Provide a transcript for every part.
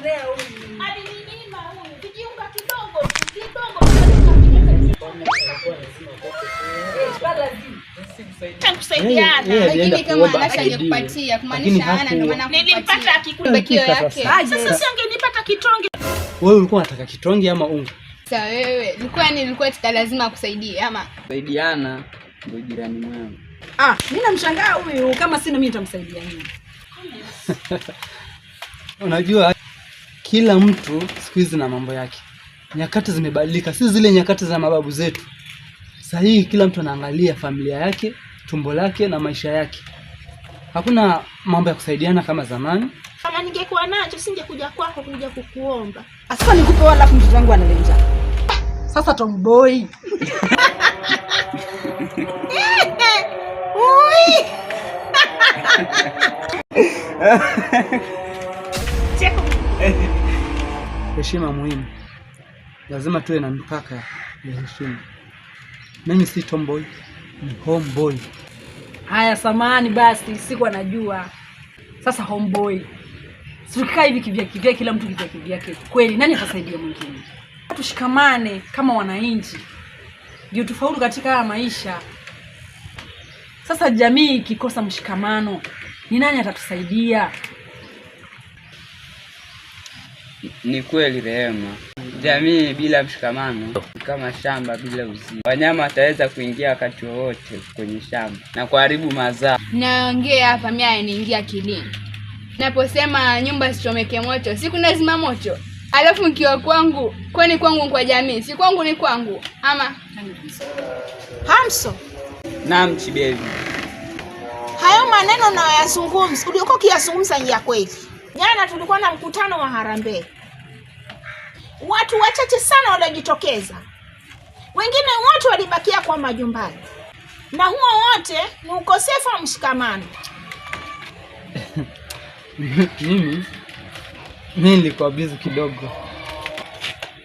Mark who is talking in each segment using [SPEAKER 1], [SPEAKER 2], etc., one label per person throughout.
[SPEAKER 1] Anaongelea huyu. Hadi ni nima huyu. Vijiunga kidogo, kitonge. Wewe ulikuwa unataka kitonge ama unga?
[SPEAKER 2] Sasa wewe ulikuwa ni ulikuwa lazima kusaidie ama
[SPEAKER 3] kusaidiana ndio jirani mwangu.
[SPEAKER 4] Ah, mimi namshangaa huyu kama sina mimi nitamsaidia nini?
[SPEAKER 1] Unajua kila mtu siku hizi na mambo yake, nyakati zimebadilika, si zile nyakati za mababu zetu. Sasa hii kila mtu anaangalia familia yake, tumbo lake na maisha yake. Hakuna mambo ya kusaidiana kama zamani.
[SPEAKER 4] Kama ningekuwa nacho singekuja kwako kuja kukuomba. Asante nikupe wala mtoto wangu analenja. Sasa tomboy.
[SPEAKER 1] Ui. heshima muhimu. Lazima tuwe na mipaka ya heshima. Mimi si tomboy, ni homeboy.
[SPEAKER 4] Haya, samani basi, siku anajua sasa. Homeboy sikikaa hivi kivya kivya, kila mtu kivya kivyake. Kweli nani atasaidia mwingine? Tushikamane kama wananchi, ndio tufaulu katika haya maisha. Sasa jamii ikikosa mshikamano, ni nani atatusaidia?
[SPEAKER 3] Ni kweli Rehema, jamii bila mshikamano kama shamba bila uzima, Wanyama wataweza kuingia wakati wowote kwenye shamba na kuharibu mazao.
[SPEAKER 2] Naongea hapa mimi, anaingia kilini naposema nyumba sichomeke moto, siku nazima moto alafu nkiwa kwangu, kwani kwangu kwa jamii, si kwangu ni kwangu. Ama
[SPEAKER 4] Hamso,
[SPEAKER 3] naam Chibevi,
[SPEAKER 4] hayo maneno unayoyazungumza uliokuwa ukiyazungumza ni ya kweli? Jana tulikuwa na mkutano wa harambee, watu wachache sana walijitokeza, wengine wote walibakia kwa majumbani, na huo wote ni ukosefu wa mshikamano.
[SPEAKER 1] Mimi mimi nilikuwa bizi kidogo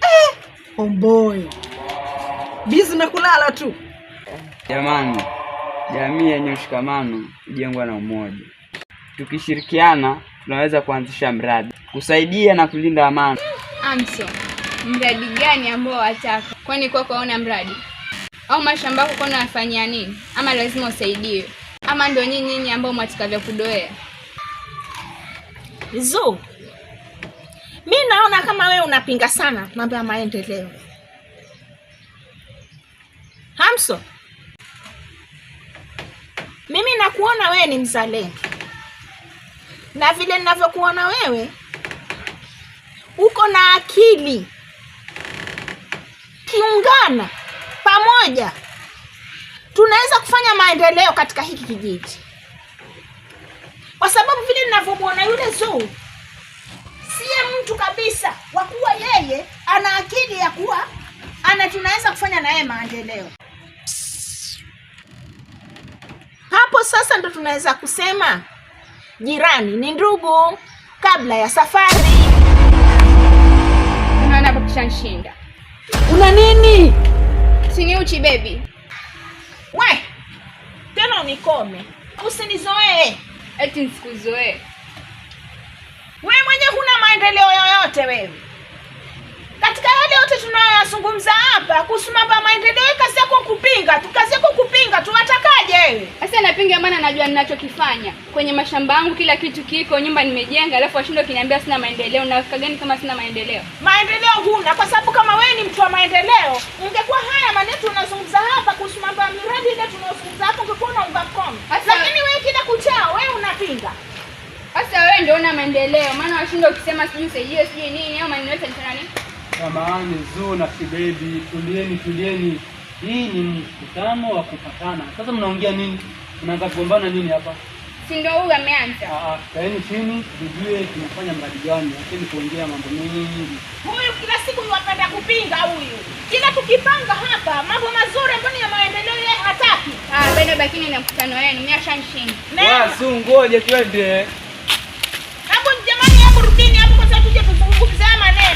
[SPEAKER 4] eh, omboi oh bizi na kulala tu.
[SPEAKER 3] Jamani, jamii yenye mshikamano hujengwa na umoja, tukishirikiana tunaweza kuanzisha mradi kusaidia na kulinda amani.
[SPEAKER 2] Amso, mradi gani ambao wataka? Kwani kwako hauna mradi au mashamba yako kwani unafanyia nini? Ama lazima usaidiwe, ama ndio nyinyi nyinyi ambao mwatika vya kudoea
[SPEAKER 4] zu? Mi naona kama wewe unapinga sana mambo ya maendeleo. Hamso, mimi nakuona wewe ni mzalendo na vile ninavyokuona wewe uko na akili, kiungana pamoja tunaweza kufanya maendeleo katika hiki kijiji, kwa sababu vile ninavyomwona yule Zuu siye mtu kabisa wa kuwa yeye ana akili ya kuwa ana tunaweza kufanya naye maendeleo hapo. Sasa ndo tunaweza kusema jirani ni ndugu kabla ya safari.
[SPEAKER 2] Unaona hapo kishanshinda.
[SPEAKER 4] Una nini?
[SPEAKER 2] Sini uchi baby.
[SPEAKER 4] We, tena unikome. Usinizoe.
[SPEAKER 2] Eti nisikuzoee.
[SPEAKER 4] We mwenye huna maendeleo yoyote wewe. Katika yale yote tunayoyazungumza hapa kuhusu mambo ya maendeleo, kazi yako kupinga tu, kazi
[SPEAKER 2] sasa napinga, maana najua ninachokifanya kwenye mashamba yangu, kila kitu kiko, nyumba nimejenga, alafu washindo kiniambia sina maendeleo. Nafika gani kama sina maendeleo?
[SPEAKER 4] Maendeleo huna, kwa sababu kama wewe ni mtu wa maendeleo ungekuwa haya maneno tunazungumza hapa kuhusu mambo ya miradi ile tunazungumza hapa, ungekuwa unaunga mkono, lakini wewe kila kuchao wewe unapinga.
[SPEAKER 2] Sasa wewe ndio una maendeleo, maana washindo ukisema sijui sijui sijui nini au maneno yote ni nani?
[SPEAKER 1] Mama, ni zoo na kibebi, tulieni tulieni hii ni mkutano wa kupatana. Sasa mnaongea nini? Mnaanza kugombana nini hapa?
[SPEAKER 2] Si ndio huyu ameanza? Ah,
[SPEAKER 1] ah kaeni chini tujue tunafanya mradi gani. Lakini kuongea mambo mengi.
[SPEAKER 4] Huyu kila siku ni wapenda kupinga huyu. Kila tukipanga hapa mambo mazuri ambayo ya maendeleo yeye hataki.
[SPEAKER 2] Ah, bado bakini na mkutano wenu. Mimi ashanishinda.
[SPEAKER 1] Wasu ah, ngoje tuende. Eh?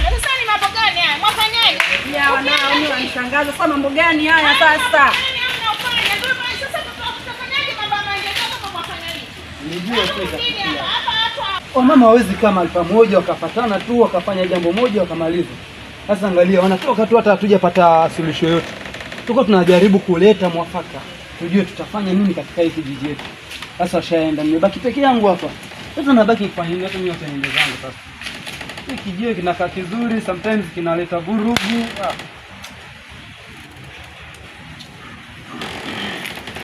[SPEAKER 4] Sasa sasa ni mambo gani haya? Mwafanyaje?
[SPEAKER 2] Ya wanishangaza. Sasa mambo gani haya sasa?
[SPEAKER 1] Wamama oh, hawezi kama mahali pamoja wakapatana tu wakafanya jambo moja wakamaliza. Sasa angalia, wanatoka tu, hata hatujapata suluhisho yote Tuko tunajaribu kuleta mwafaka, tujue tutafanya nini katika hii kijiji yetu. Sasa washaenda, nimebaki peke yangu hapa. Sasa nabaki kwa nini? Hata mimi wataende zangu sasa hiki kijiwe kinakaa kizuri, sometimes kinaleta vurugu. Ah.